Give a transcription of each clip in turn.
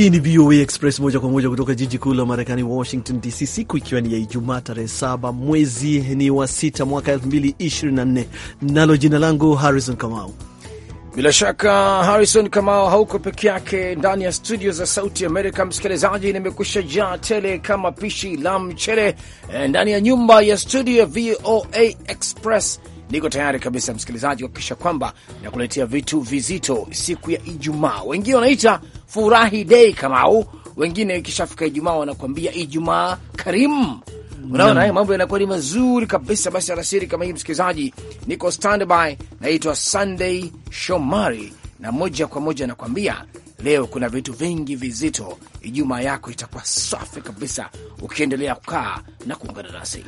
Hii ni VOA Express moja kwa moja kutoka jiji kuu la Marekani, Washington DC, siku ikiwa ni ya Ijumaa tarehe saba mwezi ni wa sita mwaka nne nalo jina langu Harrison Kamau. Bila shaka Harrison Kamau hauko peke yake ndani ya studio za Sauti Amerika. Msikilizaji, nimekusha jaa tele kama pishi la mchele eh, ndani ya nyumba ya studio ya VOA Express. Niko tayari kabisa msikilizaji kuhakikisha kwamba nakuletea vitu vizito siku ya Ijumaa, wengine wanaita furahi dei Kamau, wengine ikishafika Ijumaa wanakuambia Ijumaa karimu. Unaona, hayo mambo yanakuwa ni mazuri kabisa. Basi alasiri kama hii, msikilizaji, niko standby, naitwa Sunday Shomari na moja kwa moja nakwambia Leo kuna vitu vingi vizito. Ijumaa yako itakuwa safi kabisa, ukiendelea kukaa na kuungana nasi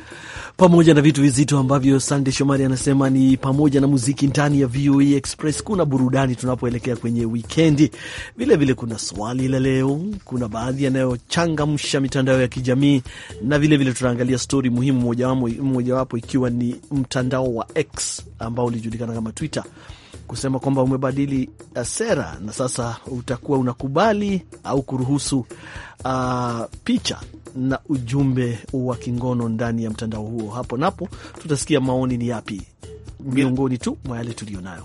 pamoja na vitu vizito ambavyo Sande Shomari anasema ni pamoja na muziki ndani ya VOA e Express. Kuna burudani tunapoelekea kwenye wikendi, vilevile kuna swali la leo, kuna baadhi yanayochangamsha mitandao ya kijamii na vilevile tunaangalia stori muhimu, mojawapo ikiwa ni mtandao wa X ambao ulijulikana kama Twitter kusema kwamba umebadili uh, sera na sasa utakuwa unakubali au kuruhusu uh, picha na ujumbe wa kingono ndani ya mtandao huo. Hapo napo tutasikia maoni ni yapi miongoni tu mwa yale tuliyo nayo.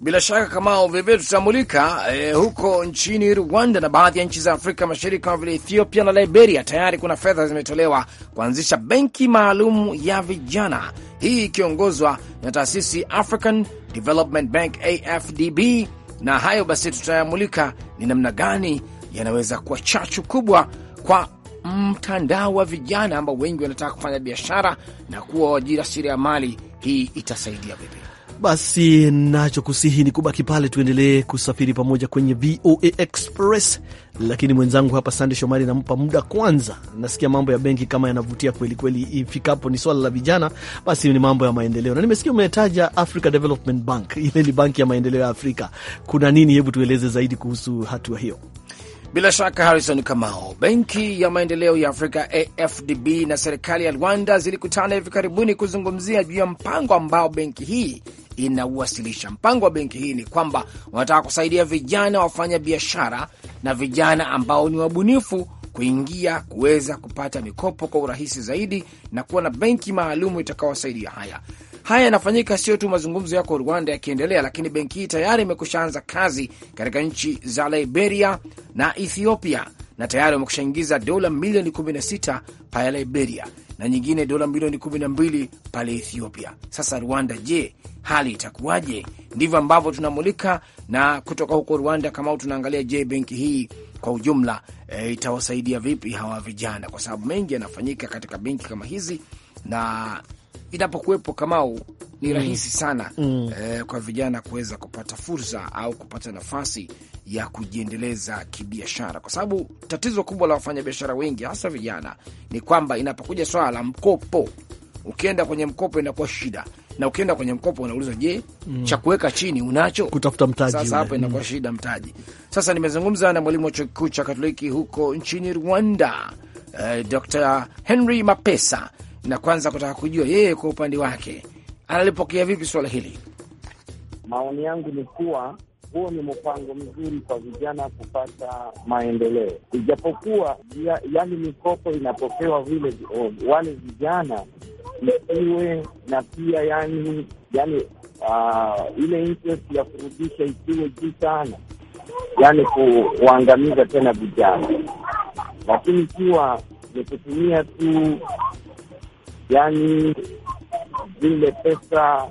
Bila shaka Kamao, vilevile tutamulika eh, huko nchini Rwanda na baadhi ya nchi za Afrika Mashariki kama vile Ethiopia na Liberia. Tayari kuna fedha zimetolewa kuanzisha benki maalum ya vijana hii ikiongozwa na taasisi African Development Bank AFDB. Na hayo basi tutayamulika ni namna gani yanaweza kuwa chachu kubwa kwa mtandao wa vijana ambao wengi wanataka kufanya biashara na kuwa wajasiriamali. Hii itasaidia vipi? Basi nachokusihi ni kubaki pale, tuendelee kusafiri pamoja kwenye VOA Express. Lakini mwenzangu hapa Sande Shomari nampa muda kwanza. Nasikia mambo ya benki kama yanavutia kweli kweli, ifikapo ni swala la vijana, basi ni mambo ya maendeleo, na nimesikia umetaja Africa Development Bank, ile ni banki ya maendeleo ya Afrika. Kuna nini? Hebu tueleze zaidi kuhusu hatua hiyo. Bila shaka Harrison Kamao, benki ya maendeleo ya Afrika AFDB na serikali ya Rwanda zilikutana hivi karibuni kuzungumzia juu ya mpango ambao benki hii inauwasilisha Mpango wa benki hii ni kwamba wanataka kusaidia vijana wafanya biashara na vijana ambao ni wabunifu kuingia kuweza kupata mikopo kwa urahisi zaidi na kuwa na benki maalum itakaowasaidia. haya. Haya yanafanyika sio tu mazungumzo yako Rwanda yakiendelea, lakini benki hii tayari imekusha anza kazi katika nchi za Liberia na Ethiopia na tayari wamekushaingiza dola milioni 16 paya Liberia na nyingine dola milioni 12 pale Ethiopia. Sasa Rwanda, je, hali itakuwaje? Ndivyo ambavyo tunamulika na kutoka huko Rwanda kama tunaangalia, je, benki hii kwa ujumla e, itawasaidia vipi hawa vijana, kwa sababu mengi yanafanyika katika benki kama hizi na inapokuwepo Kamau ni mm. rahisi sana mm. Eh, kwa vijana kuweza kupata fursa au kupata nafasi ya kujiendeleza kibiashara, kwa sababu tatizo kubwa la wafanyabiashara wengi hasa vijana ni kwamba inapokuja swala la mkopo, ukienda kwenye mkopo inakuwa shida, na ukienda kwenye mkopo unauliza je, mm. cha kuweka chini unacho? Kutafuta mtaji, sasa hapo inakuwa mm. shida mtaji. Sasa nimezungumza na mwalimu wa chuo kikuu cha Katoliki huko nchini Rwanda, eh, Dr. Henry Mapesa, na kwanza kutaka kujua yeye kwa upande wake analipokea vipi swala hili. Maoni yangu ni kuwa huo ni mpango mzuri kwa vijana kupata maendeleo, ijapokuwa ya, yani mikopo inapokewa vile wale vijana ikiwe na pia yani, yani uh, ile interest ya kurudisha isiwe juu sana, yani kuwaangamiza tena vijana, lakini ikiwa ni kutumia tu yani zile pesa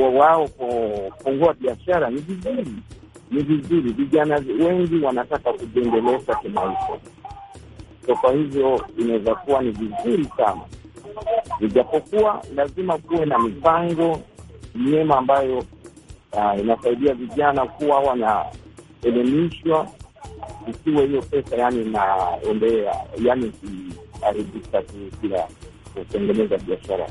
wao kufungua biashara ni vizuri, ni vizuri. Vijana wengi wanataka kujiendeleza kimaisha, so kwa hivyo inaweza kuwa ni vizuri sana, ijapokuwa lazima kuwe na mipango nyema ambayo uh, inasaidia vijana kuwa wanaelimishwa, isiwe hiyo pesa yani inaendea yani ikiharibika tu bila kutengeneza biashara.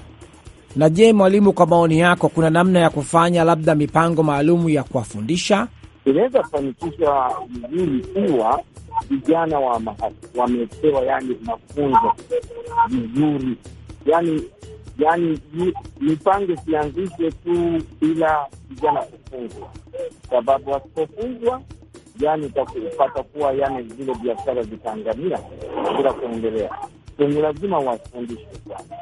Na je, mwalimu, kwa maoni yako, kuna namna ya kufanya labda mipango maalum ya kuwafundisha? Inaweza kufanikisha vizuri kuwa vijana wamepewa yani mafunzo vizuri, yani yani mipango sianzishe tu bila vijana kufunzwa, sababu wasipofunzwa yani kuwa yani zile biashara zitaangamia bila kuendelea kwenye, lazima wafundishwe sana.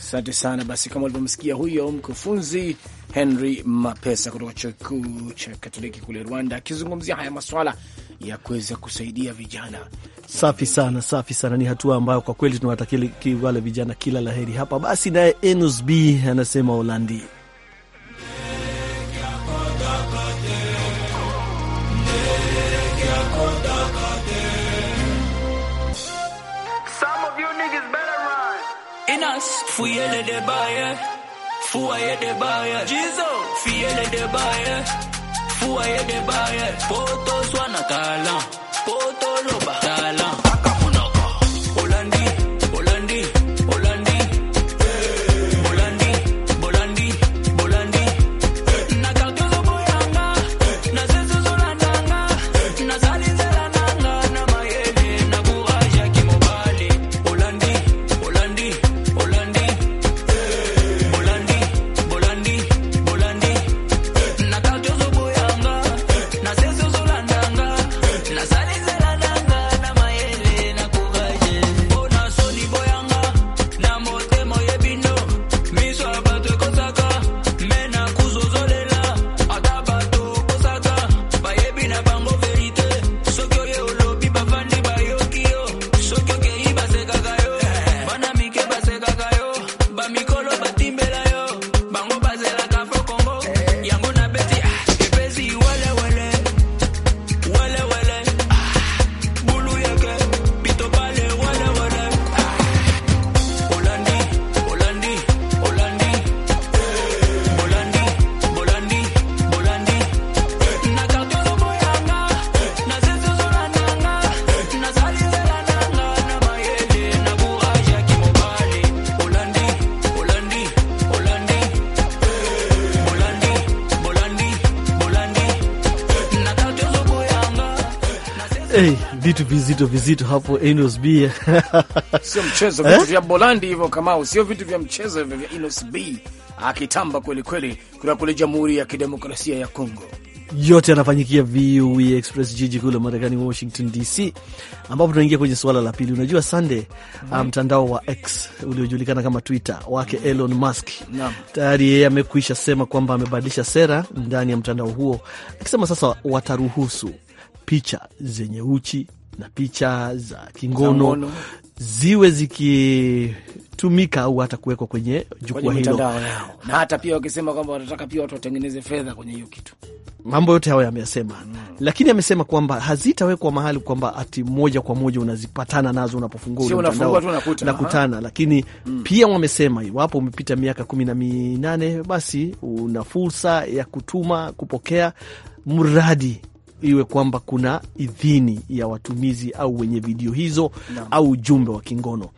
Asante sana. Basi kama ulivyomsikia huyo mkufunzi Henry Mapesa kutoka chuo kikuu cha Katoliki kule Rwanda akizungumzia haya maswala ya kuweza kusaidia vijana. Safi sana, safi sana. Ni hatua ambayo kwa kweli tunawatakia wale vijana kila laheri hapa. Basi naye Enos B anasema olandi Fuyele de baye, fuaye de baye, jizo, fuyele de baye, fuaye de baye, poto swana kalan, poto loba. Hey, vitu vizito vizito hapo Enos B. Sio mchezo eh? vitu vya Bolandi hivyo Kamau, sio vitu vya mchezo hivyo vya Enos B. Akitamba kweli kweli kutoka kule Jamhuri ya Kidemokrasia ya Kongo. Yote yanafanyikia VOA e Express, jiji kuu la Marekani, Washington DC, ambapo tunaingia kwenye suala la pili. Unajua Sunday, mhm. uh, mtandao um, wa X uliojulikana kama Twitter wake mm -hmm. Elon Musk tayari yeye amekwisha sema kwamba amebadilisha sera ndani ya mtandao huo, akisema sasa wataruhusu picha zenye uchi na picha za kingono ziwe zikitumika au hata kuwekwa kwenye jukwaa hilo, na hata pia wakisema kwamba wanataka pia watu watengeneze fedha kwenye hiyo kitu. Mambo yote hayo yameyasema mm. Lakini amesema kwamba hazitawekwa mahali kwamba ati moja kwa moja unazipatana nazo unapofungua ule mtandao nakutana, lakini mm. pia wamesema iwapo umepita miaka kumi na minane basi una fursa ya kutuma kupokea mradi iwe kwamba kuna idhini ya watumizi au wenye video hizo no. au ujumbe wa kingono.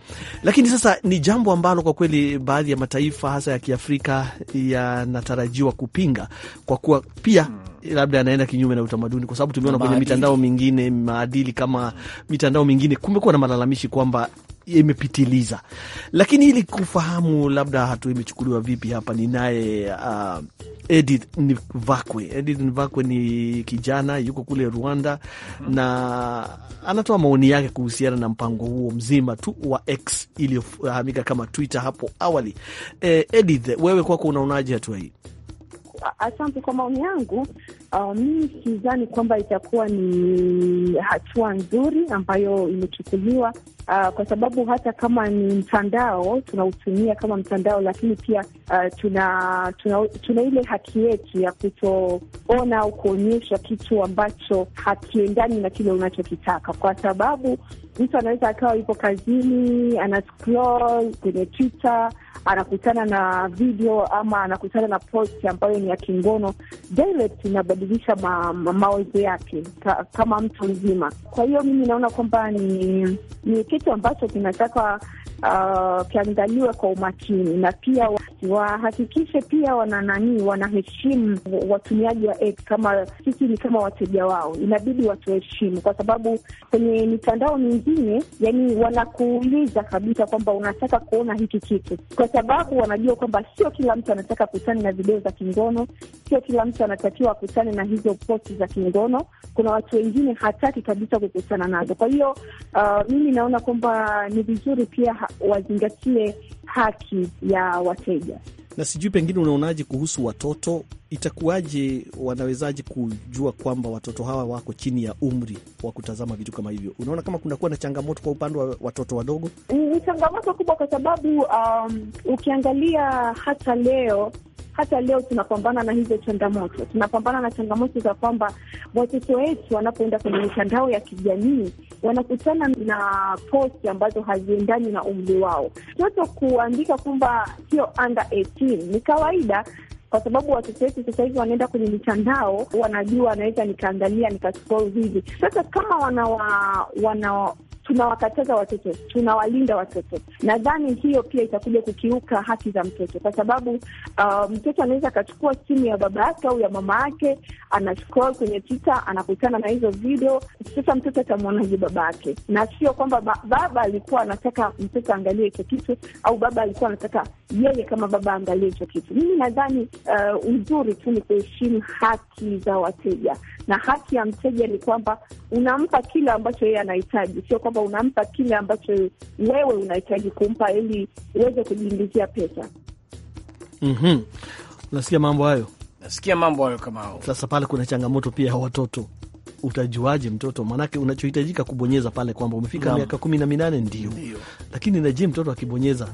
Lakini sasa ni jambo ambalo kwa kweli baadhi ya mataifa hasa ya Kiafrika yanatarajiwa kupinga kwa kuwa pia mm. Eh, labda anaenda kinyume na utamaduni, kwa sababu tumeona kwenye mitandao mingine maadili kama mitandao mingine kumekuwa na malalamishi kwamba imepitiliza. Lakini ili kufahamu labda hatua imechukuliwa vipi, hapa ninaye uh, Edith Nivakwe. Edith Nivakwe ni kijana yuko kule Rwanda mm-hmm. na anatoa maoni yake kuhusiana na mpango huo mzima tu wa X iliyofahamika kama Twitter hapo awali. Eh, Edith, wewe kwako unaonaje hatua hii? asante kwa maoni yangu. Uh, mimi sidhani kwamba itakuwa ni hatua nzuri ambayo imechukuliwa, uh, kwa sababu hata kama ni mtandao tunautumia kama mtandao, lakini pia uh, tuna, tuna, tuna ile haki yetu ya kutoona au kuonyesha kitu ambacho hakiendani na kile unachokitaka, kwa sababu mtu anaweza akawa yupo kazini ana scroll kwenye Twitter anakutana na video ama anakutana na post ambayo ni ya kingono direct, inabadilisha ma, ma, mawazo yake ka, kama mtu mzima. Kwa hiyo mimi naona kwamba ni, ni kitu ambacho kinataka uh, kiangaliwe kwa umakini na pia wahakikishe pia wana nani, wanaheshimu watumiaji wa X kama sisi ni kama wateja wao, inabidi watuheshimu, kwa sababu kwenye mitandao mingine yani wanakuuliza kabisa kwamba unataka kuona hiki kitu kwa sababu wanajua kwamba sio kila mtu anataka kutani na video za kingono, sio kila mtu anatakiwa akutane na hizo posti za kingono. Kuna watu wengine hataki kabisa kukutana nazo. Kwa hiyo uh, mimi naona kwamba ni vizuri pia ha wazingatie haki ya wateja na sijui pengine unaonaje kuhusu watoto, itakuwaje? Wanawezaje kujua kwamba watoto hawa wako chini ya umri wa kutazama vitu kama hivyo? Unaona kama kunakuwa na changamoto kwa upande wa watoto wadogo? Ni changamoto kubwa kwa sababu um, ukiangalia hata leo hata leo tunapambana na hizo changamoto, tunapambana na changamoto za kwamba watoto wetu wanapoenda kwenye mitandao ya kijamii wanakutana na posti ambazo haziendani na umri wao. Mtoto kuandika kwamba sio under 18 ni kawaida kwa sababu watoto wetu sasa hivi wanaenda kwenye mitandao, wanajua anaweza nikaangalia nikascroll hivi. Sasa kama wanawa, wana tunawakataza watoto, tunawalinda watoto. Nadhani hiyo pia itakuja kukiuka haki za mtoto, kwa sababu uh, mtoto anaweza akachukua simu ya baba yake au ya mama yake, ana kwenye Twitter, anakutana na hizo video. Sasa mtoto atamwonaje baba yake? Na sio kwamba ba baba alikuwa anataka mtoto aangalie hicho kitu, au baba alikuwa anataka yeye kama baba aangalie hicho kitu. Mimi nadhani uh, uzuri tu ni kuheshimu haki za wateja, na haki ya mteja ni kwamba unampa kile ambacho yeye anahitaji, sio kwamba kwamba unampa kile ambacho wewe unahitaji kumpa ili uweze kujiingizia pesa. mm -hmm. Unasikia mambo hayo, nasikia mambo hayo kama hao. Sasa pale kuna changamoto pia ya watoto Utajuaje mtoto? Maanake unachohitajika kubonyeza pale kwamba umefika miaka kumi na minane ndio, lakini naje mtoto akibonyeza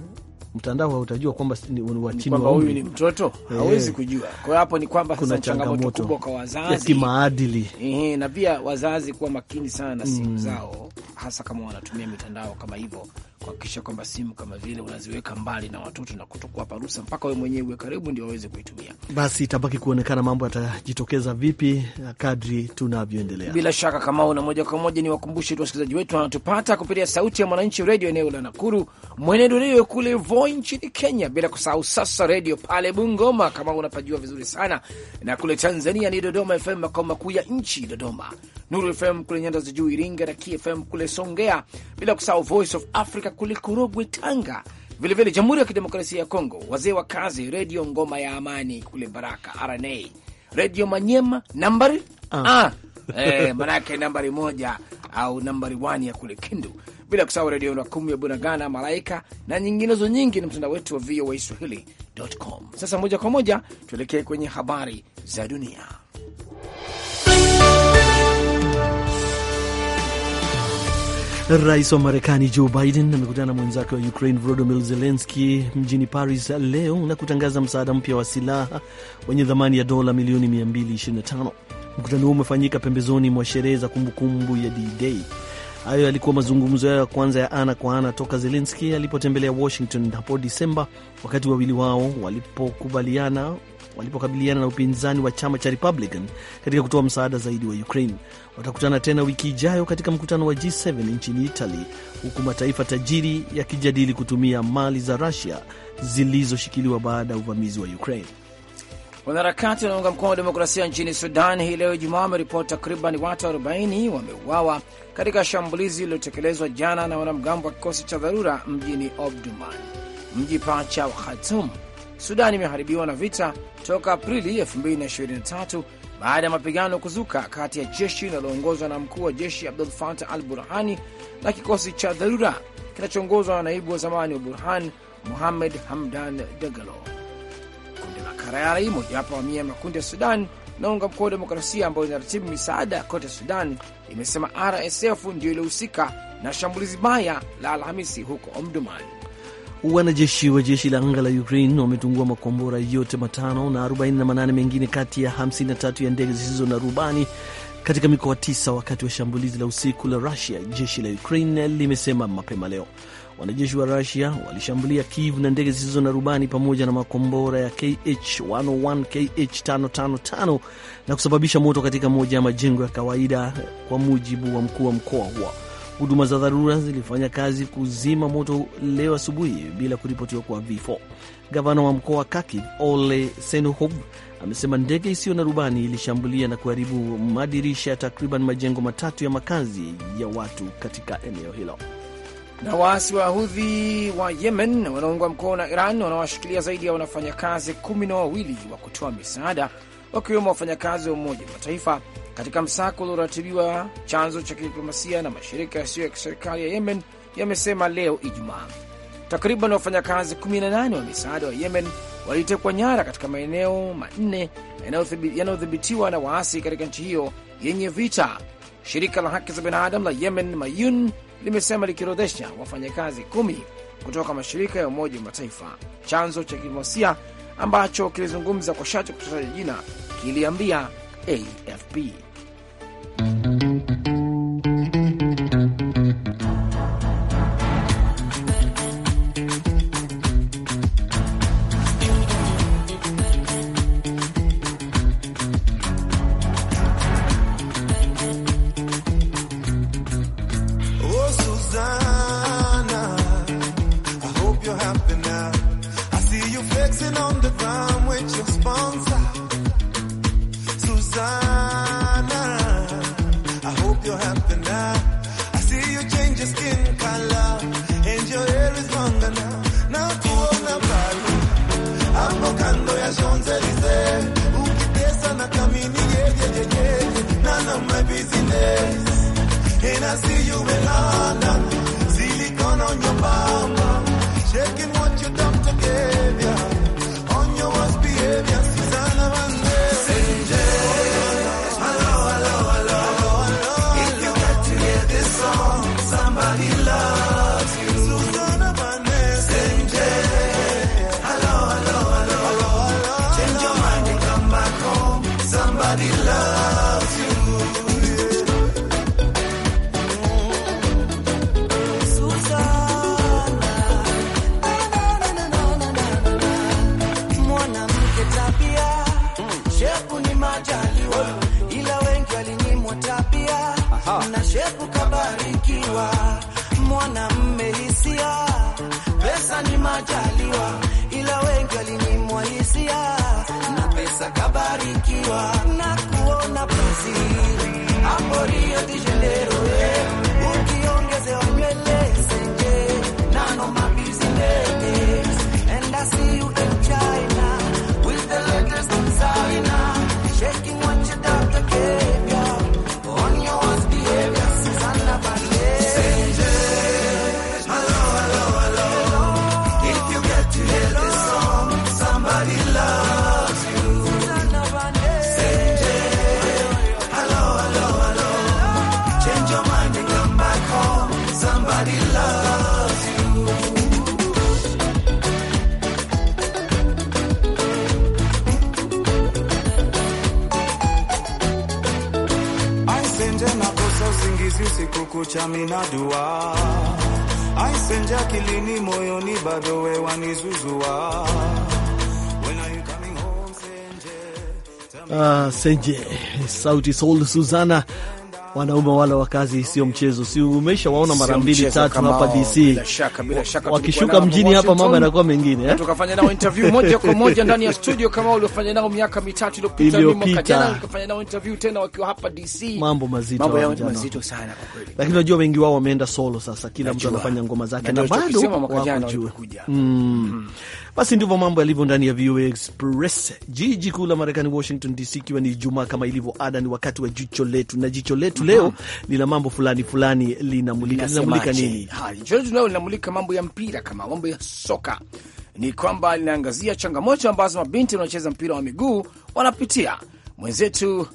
mtandao utajua kwamba wa chini wa huyu ni mtoto, hawezi eh. kujua. Kwa hiyo hapo ni kwamba kuna changamoto kubwa kwa wazazi ya kimaadili, na pia wazazi kuwa makini sana na simu mm. zao hasa kama wanatumia mitandao kama hivyo, kuhakikisha kwamba simu kama vile unaziweka mbali na watoto na kutokuwapa ruhusa mpaka wewe mwenyewe uwe karibu ndio waweze kuitumia. Basi itabaki kuonekana mambo yatajitokeza vipi kadri tunavyoendelea. Bila shaka kama una moja kwa moja, ni wakumbushe tu wasikilizaji wetu wanatupata kupitia Sauti ya Mwananchi redio eneo la Nakuru, mwenendo redio kule Voi nchini Kenya, bila kusahau Sasa redio pale Bungoma kama unapajua vizuri sana, na kule Tanzania ni Dodoma FM makao makuu ya nchi Dodoma Nuru FM kule nyanda za juu Iringa na KFM kule Songea, bila kusahau Voice of Africa kule Korogwe, Tanga. Vilevile Jamhuri ya Kidemokrasia ya Kongo, wazee wa kazi Redio Ngoma ya Amani kule Baraka, RNA Redio Manyema nambari ah. ah eh, manake nambari moja au nambari wani ya kule Kindu, bila kusahau Redio kumi ya Bunagana, Malaika na nyinginezo nyingi, na mtandao wetu wa VOA Swahili.com. Sasa moja kwa moja tuelekee kwenye habari za dunia. Rais wa Marekani Joe Biden amekutana na mwenzake wa Ukraine Volodymyr Zelensky mjini Paris leo na kutangaza msaada mpya wa silaha wenye thamani ya dola milioni 225. Mkutano huo umefanyika pembezoni mwa sherehe za kumbukumbu ya D-Day. Hayo yalikuwa mazungumzo yao ya kwanza ya ana kwa ana toka Zelensky alipotembelea Washington hapo Disemba, wakati wawili wao walipokubaliana walipokabiliana na upinzani wa chama cha Republican katika kutoa msaada zaidi wa Ukraine. Watakutana tena wiki ijayo katika mkutano wa G7 nchini Italy, huku mataifa tajiri yakijadili kutumia mali za rasia zilizoshikiliwa baada ya uvamizi wa Ukraine. Wanaharakati wanaunga mkono wa demokrasia nchini Sudan hii leo Ijumaa wameripoti takriban watu 40 wameuawa katika shambulizi lililotekelezwa jana na wanamgambo wa kikosi cha dharura mjini obduman mji pacha wa Khartoum Sudan imeharibiwa na vita toka Aprili 2023 baada ya mapigano kuzuka kati ya jeshi linaloongozwa na mkuu wa jeshi Abdul Fatah al Burhani na kikosi cha dharura kinachoongozwa na naibu wa zamani wa Burhan Muhamed Hamdan Dagalo. Kundi la Karari, mojawapo wa mia ya makundi ya Sudan naunga wa demokrasia ambayo inaratibu misaada kote Sudan, imesema RSF ndio iliohusika na shambulizi baya la Alhamisi huko Omduman. Wanajeshi wa jeshi la anga la Ukraine wametungua makombora yote matano na 48 mengine kati ya 53 ya ndege zisizo na rubani katika mikoa tisa wakati wa shambulizi la usiku la Rusia, jeshi la Ukraine limesema mapema leo. Wanajeshi wa Rusia walishambulia Kiev na ndege zisizo na rubani pamoja na makombora ya KH-101, KH-555 na kusababisha moto katika moja ya majengo ya kawaida, kwa mujibu wa mkuu wa mkoa huo. Huduma za dharura zilifanya kazi kuzima moto leo asubuhi bila kuripotiwa kwa vifo. Gavana wa mkoa wa Kharkiv Ole senuhov amesema ndege isiyo na rubani ilishambulia na kuharibu madirisha ya takriban majengo matatu ya makazi ya watu katika eneo hilo. Na waasi wa Hudhi wa Yemen wanaungwa mkono na Iran wanawashikilia zaidi ya wanafanyakazi kumi na wawili wa kutoa misaada wakiwemo wafanyakazi wa Umoja wa Mataifa katika msako ulioratibiwa. Chanzo cha kidiplomasia na mashirika yasiyo ya kiserikali ya Yemen yamesema leo Ijumaa takriban wafanyakazi 18 wa misaada wa Yemen walitekwa nyara katika maeneo manne yanayodhibitiwa na waasi katika nchi hiyo yenye vita. Shirika la haki za binadamu la Yemen Mayun limesema likiorodhesha wafanyakazi kumi kutoka mashirika ya Umoja wa Mataifa. Chanzo cha kidiplomasia ambacho kilizungumza kwa shati kupoteza jina kiliambia AFP. Senje, Sauti Soul, Suzana wanaume wale wakazi sio mchezo, si umesha waona mara mbili tatu hapa DC, wakishuka mjini hapa mambo yanakuwa mengine eh? Tukafanya nao interview moja kwa moja ndani ya studio kama uliofanya nao miaka mitatu iliyopita, mwaka jana ukafanya nao interview tena wakiwa hapa DC. Mambo mazito, mambo ya mazito sana kwa kweli, lakini unajua wengi wao wameenda solo sasa, kila mtu anafanya ngoma zake na bado wako juu. Basi ndivyo mambo yalivyo ndani ya VOA Express, jiji kuu la Marekani, Washington DC, ikiwa ni Ijumaa kama ilivyo ada, ni wakati wa jicho letu, na jicho letu mm -hmm. leo lina mambo fulani fulani linamulika, linamulika nini? jicho letu leo linamulika mambo ya mpira, kama mambo ya soka ni kwamba linaangazia changamoto ambazo mabinti wanaocheza mpira wa miguu wanapitia. Mwenzetu uh,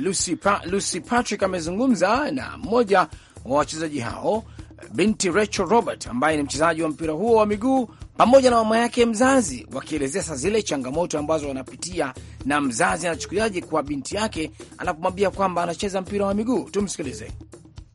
Lucy, pa, Lucy Patrick amezungumza na mmoja wa wachezaji hao, binti Rachel Robert ambaye ni mchezaji wa mpira huo wa miguu pamoja na mama yake mzazi, wakielezea sasa zile changamoto ambazo wanapitia na mzazi anachukuliaje kwa binti yake anapomwambia kwamba anacheza mpira wa miguu. Tumsikilize.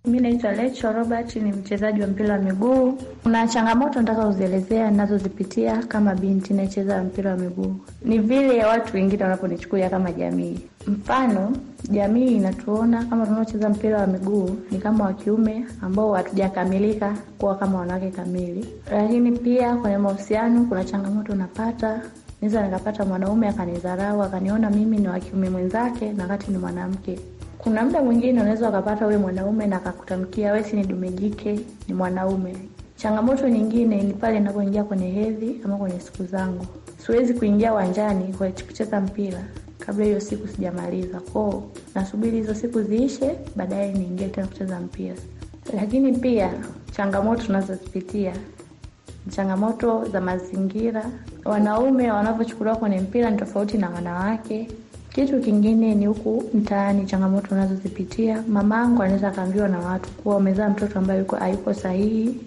Mi naitwa Lecho Robert, ni mchezaji wa mpira wa miguu. Kuna changamoto nataka kuzielezea nazozipitia kama binti naicheza mpira wa miguu, ni vile watu wengine wanaponichukulia kama jamii. Mfano, jamii inatuona kama tunaocheza mpira wa miguu ni kama wa kiume ambao hatujakamilika kuwa kama wanawake kamili. Lakini pia kwenye mahusiano kuna changamoto unapata naweza nikapata mwanaume akanidharau akaniona mimi ni wa kiume mwenzake na wakati ni mwanamke. Kuna muda mwingine unaweza ukapata ule mwanaume na akakutamkia wewe si ni dume jike, ni mwanaume. Changamoto nyingine ni pale ninapoingia kwenye hedhi ama kwenye siku zangu, siwezi kuingia uwanjani kwa kucheza mpira kabla hiyo siku sijamaliza kwao, nasubiri hizo siku ziishe, baadaye niingie tena kucheza mpira. Lakini pia changamoto tunazozipitia changamoto za mazingira. Wanaume wanavyochukuliwa kwenye mpira ni tofauti na wanawake. Kitu kingine ni huku mtaani, changamoto unazozipitia. Mamangu anaweza akaambiwa na watu kuwa umezaa mtoto ambaye hayuko sahihi,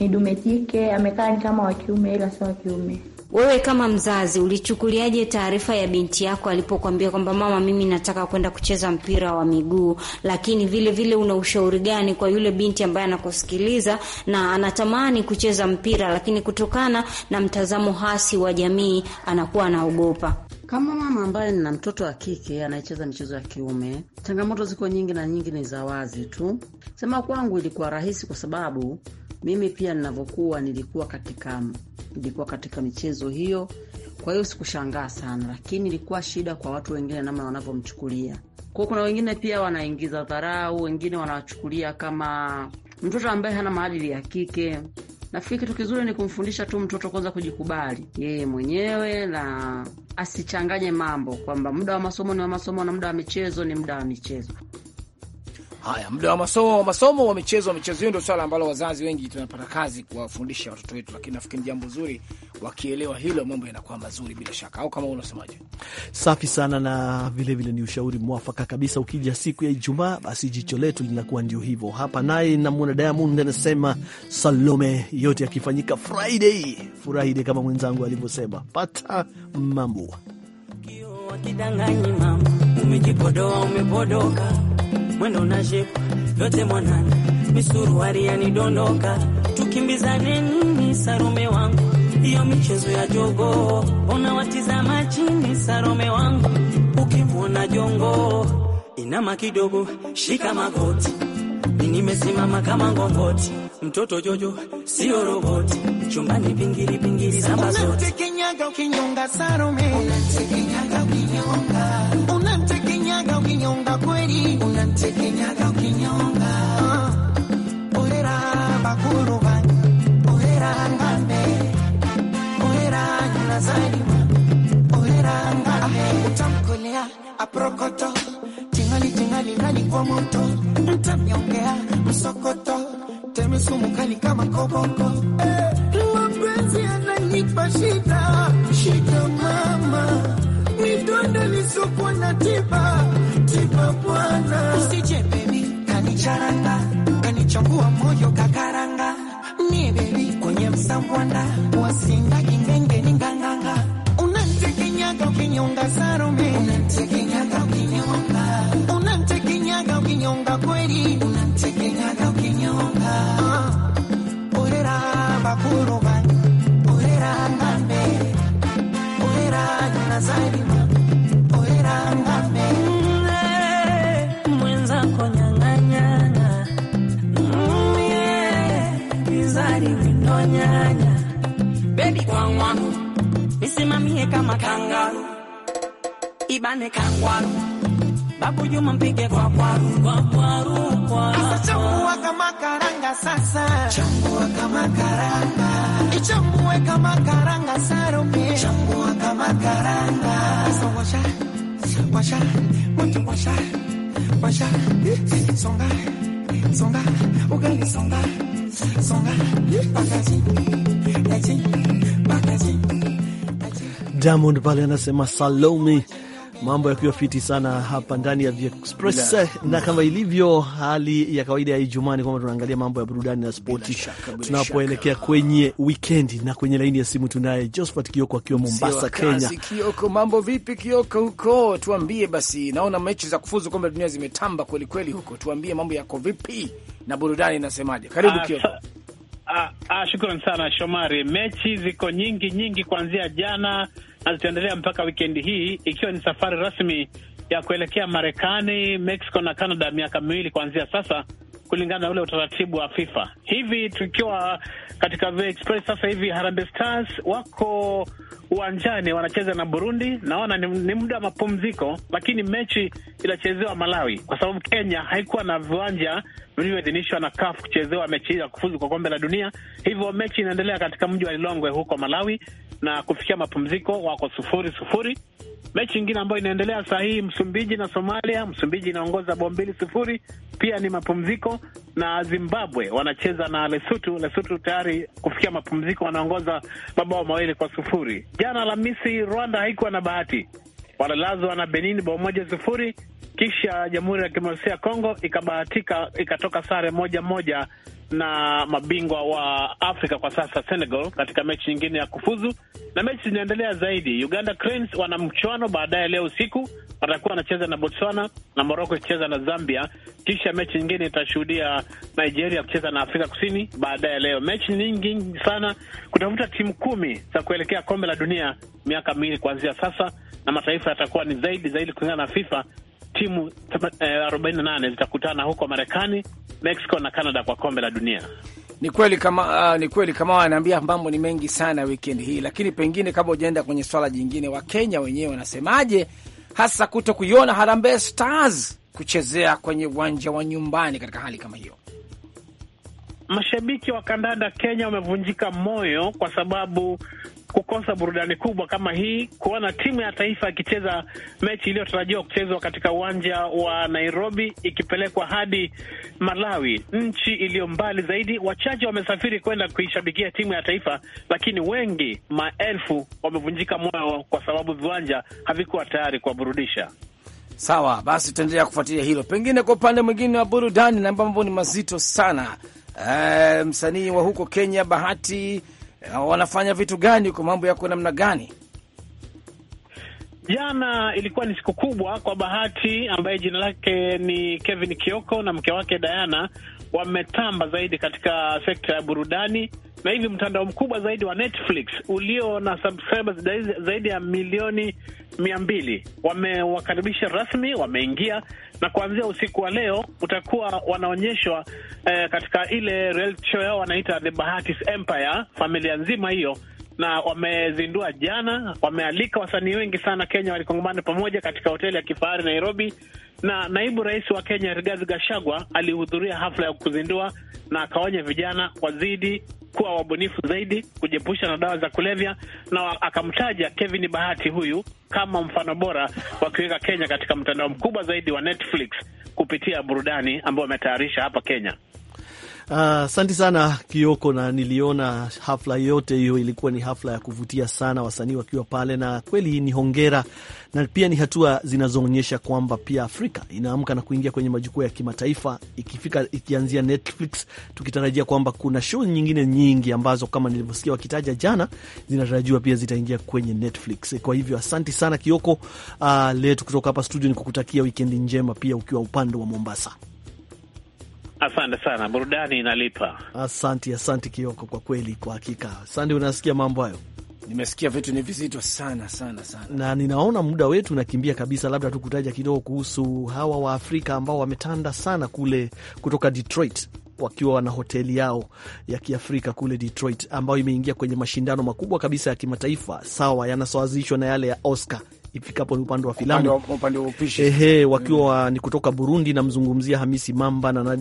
ni dume jike, amekaa ni kama wa kiume ila sio wa kiume. Wewe kama mzazi ulichukuliaje taarifa ya binti yako alipokwambia kwamba mama, mimi nataka kwenda kucheza mpira wa miguu? Lakini vile vile una ushauri gani kwa yule binti ambaye anakusikiliza na anatamani kucheza mpira, lakini kutokana na mtazamo hasi wa jamii anakuwa anaogopa? Kama mama ambaye nina mtoto wa kike anayecheza michezo ya kiume, changamoto ziko nyingi na nyingi ni za wazi tu. Sema kwangu ilikuwa rahisi kwa sababu mimi pia ninavyokuwa, nilikuwa katika nilikuwa katika michezo hiyo, kwa hiyo sikushangaa sana, lakini ilikuwa shida kwa watu wengine namna wanavyomchukulia kwao. kuna wengine pia wanaingiza dharau, wengine wanachukulia kama mtoto ambaye hana maadili ya kike. Nafikiri kitu kizuri ni kumfundisha tu mtoto kwanza kujikubali yeye mwenyewe na asichanganye mambo, kwamba muda wa masomo ni wa masomo na muda wa michezo ni muda wa michezo. Haya, muda wa masomo, masomo wa michezo wa michezo, hiyo ndio swala ambalo wazazi wengi tunapata kazi kuwafundisha watoto wetu, lakini nafikiri jambo zuri, wakielewa hilo mambo yanakuwa mazuri bila shaka, au kama unasemaje? Safi sana, na vilevile ni ushauri mwafaka kabisa. Ukija siku ya Ijumaa, basi jicho letu linakuwa ndio hivyo. Hapa naye namwona Diamond anasema Salome, yote yakifanyika Friday Friday, kama mwenzangu alivyosema, pata mambo umejipodoa, umepodoka mwendo na shepu yote mwanana, misuruari yanidondoka, tukimbizane nini Sarume wangu, hiyo michezo ya jogo ona watizama chini Sarume wangu, ukimwona jongo inama kidogo, shika magoti, nimesimama kama ngongoti, mtoto jojo sio roboti, chumbani pingili pingili, samba zote ukinyonga Sarume, unatekenyaga ukinyonga kweli unanitekenyaga ukinyonga olera bakuruvani olera ngambe olera nyunazalima olera ngambe utamkolea aprokoto tingali tingali ngali kwa moto mtamnyongea msokoto temesumukali kama koboko mapenzi eh, ananipa shida shida mama midondo lisokuwa na tiba See Usichepe. nane kakwaru, Babu Juma mpige kwa kwaru, kwa kwaru, kwa kwaru. kama karanga sasa, chambua kama karanga, ichambue kama karanga sarupi, chambua kama karanga. Sasa washa, washa, watu washa, washa, songa, songa, ugali songa, songa, bakaji, yaji, bakaji Diamond pale anasema Salome mambo yakiwa fiti sana hapa ndani ya Express na, na kama ilivyo hali ya kawaida ya Ijumaa ni kwamba tunaangalia mambo ya burudani na spoti tunapoelekea kwenye wikendi, na kwenye laini ya simu tunaye Josphat Kioko akiwa Mombasa, Kenya. Kioko, mambo vipi Kioko huko? Tuambie basi, naona mechi za kufuzu kombe la dunia zimetamba kwelikweli huko, tuambie mambo yako vipi na burudani inasemaje? Karibu ah, Kioko. Ah, ah, Shukran sana Shomari, mechi ziko nyingi nyingi kuanzia jana na zitaendelea mpaka wikendi hii, ikiwa ni safari rasmi ya kuelekea Marekani, Mexico na Canada miaka miwili kuanzia sasa, kulingana na ule utaratibu wa FIFA. Hivi tukiwa katika VOA Express sasa hivi, Harambee Stars wako uwanjani wanacheza na Burundi. Naona ni, ni muda wa mapumziko, lakini mechi inachezewa Malawi kwa sababu Kenya haikuwa na viwanja vilivyoidhinishwa na CAF kuchezewa mechi hii ya kufuzu kwa kombe la dunia. Hivyo mechi inaendelea katika mji wa Lilongwe huko Malawi, na kufikia mapumziko wako sufuri sufuri. Mechi ingine ambayo inaendelea saa hii Msumbiji na Somalia, Msumbiji inaongoza bao mbili sufuri, pia ni mapumziko, na Zimbabwe wanacheza na lesutu lesutu tayari kufikia mapumziko wanaongoza mabao mawili kwa sufuri. Jana Alhamisi, Rwanda haikuwa na bahati, walalazwa na Benin bao moja sufuri kisha Jamhuri ya Kidemokrasia ya Kongo ikabahatika ikatoka sare moja moja na mabingwa wa Afrika kwa sasa Senegal katika mechi nyingine ya kufuzu, na mechi zinaendelea zaidi. Uganda Cranes wana mchuano baadaye leo usiku, watakuwa wanacheza na Botswana na Morocco ikicheza na Zambia, kisha mechi nyingine itashuhudia Nigeria kucheza na Afrika Kusini baadaye leo. Mechi nyingi sana kutafuta timu kumi za kuelekea kombe la dunia miaka miwili kuanzia sasa, na mataifa yatakuwa ni zaidi zaidi kulingana na FIFA timu eh, arobaini na nane zitakutana huko Marekani, Mexico na Canada kwa kombe la dunia. Ni kweli kama, uh, ni kweli kama wanaambia mambo ni mengi sana weekend hii, lakini pengine kabla ujaenda kwenye swala jingine, Wakenya wenyewe wanasemaje hasa kuto kuiona Harambee Stars kuchezea kwenye uwanja wa nyumbani katika hali kama hiyo? Mashabiki wa kandanda Kenya wamevunjika moyo kwa sababu kukosa burudani kubwa kama hii, kuona timu ya taifa ikicheza mechi iliyotarajiwa kuchezwa katika uwanja wa Nairobi ikipelekwa hadi Malawi, nchi iliyo mbali zaidi. Wachache wamesafiri kwenda kuishabikia timu ya taifa, lakini wengi, maelfu, wamevunjika moyo kwa sababu viwanja havikuwa tayari kuwaburudisha. Sawa basi, tutaendelea kufuatilia hilo. Pengine kwa upande mwingine wa burudani, na mambo ni mazito sana. E, msanii wa huko Kenya Bahati Eh, wanafanya vitu gani huko, mambo yako namna gani? Jana ilikuwa ni siku kubwa kwa Bahati ambaye jina lake ni Kevin Kioko na mke wake Diana wametamba zaidi katika sekta ya burudani na hivi mtandao mkubwa zaidi wa Netflix ulio na subscribers zaidi ya milioni mia mbili wamewakaribisha rasmi, wameingia na kuanzia usiku wa leo utakuwa wanaonyeshwa eh, katika ile reality show yao wanaita The Bahati's Empire, familia nzima hiyo na wamezindua jana. Wamealika wasanii wengi sana Kenya, walikongamana pamoja katika hoteli ya kifahari Nairobi, na naibu rais wa Kenya Rigathi Gachagua alihudhuria hafla ya kuzindua, na akaonya vijana wazidi kuwa wabunifu zaidi, kujiepusha na dawa za kulevya, na akamtaja Kevin Bahati huyu kama mfano bora wa kuweka Kenya katika mtandao mkubwa zaidi wa Netflix kupitia burudani ambayo wametayarisha hapa Kenya. Ah, asante uh, sana Kioko, na niliona hafla yote hiyo, ilikuwa ni hafla ya kuvutia sana, wasanii wakiwa pale, na kweli ni hongera, na pia ni hatua zinazoonyesha kwamba pia Afrika inaamka na kuingia kwenye majukwaa ya kimataifa, ikifika ikianzia Netflix, tukitarajia kwamba kuna show nyingine nyingi ambazo kama nilivyosikia wakitaja jana, zinatarajiwa pia zitaingia kwenye Netflix. Kwa hivyo asanti sana Kioko. Uh, ah, letu kutoka hapa studio ni kukutakia wikendi njema, pia ukiwa upande wa Mombasa. Asante sana, burudani inalipa. Asanti, asanti Kioko, kwa kweli, kwa hakika. Sande, unasikia mambo hayo? Nimesikia vitu ni vizito sana sana sana, na ninaona muda wetu unakimbia kabisa. Labda tukutaja kutaja kidogo kuhusu hawa Waafrika ambao wametanda sana kule kutoka Detroit wakiwa wana hoteli yao ya Kiafrika kule Detroit ambayo imeingia kwenye mashindano makubwa kabisa ya kimataifa, sawa yanasawazishwa na yale ya Oscar ifikapo ni upande wa filamu, Ehe, wakiwa mm. ni kutoka Burundi, namzungumzia Hamisi Mamba na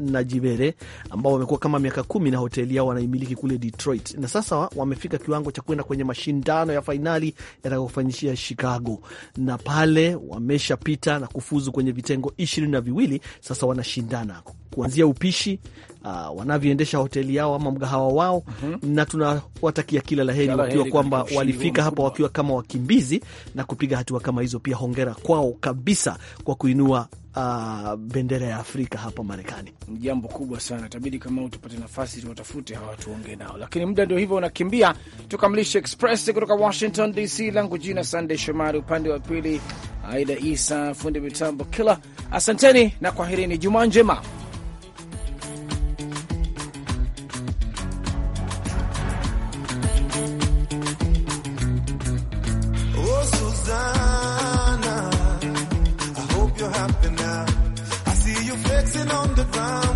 na Jivere ambao wamekuwa kama miaka kumi na hoteli yao wanaimiliki kule Detroit, na sasa wamefika kiwango cha kwenda kwenye mashindano ya fainali yatakayofanyishia Chicago, na pale wameshapita na kufuzu kwenye vitengo ishirini na viwili. Sasa wanashindana kuanzia upishi uh, wanavyoendesha hoteli yao ama mgahawa wao mm -hmm. na tunawatakia kila la heri wakiwa kwamba walifika hapa wakiwa kama wakimbizi na kupiga hatua kama hizo. Pia hongera kwao kabisa kwa kuinua Uh, bendera ya Afrika hapa Marekani ni jambo kubwa sana. Tabidi kama tupate nafasi tuwatafute hawa tuongee nao, lakini muda ndio hivyo unakimbia. Tukamilishe Express kutoka Washington DC, langu jina Sandey Shomari, upande wa pili Aida Isa, fundi mitambo kila. Asanteni na kwaherini, jumaa njema.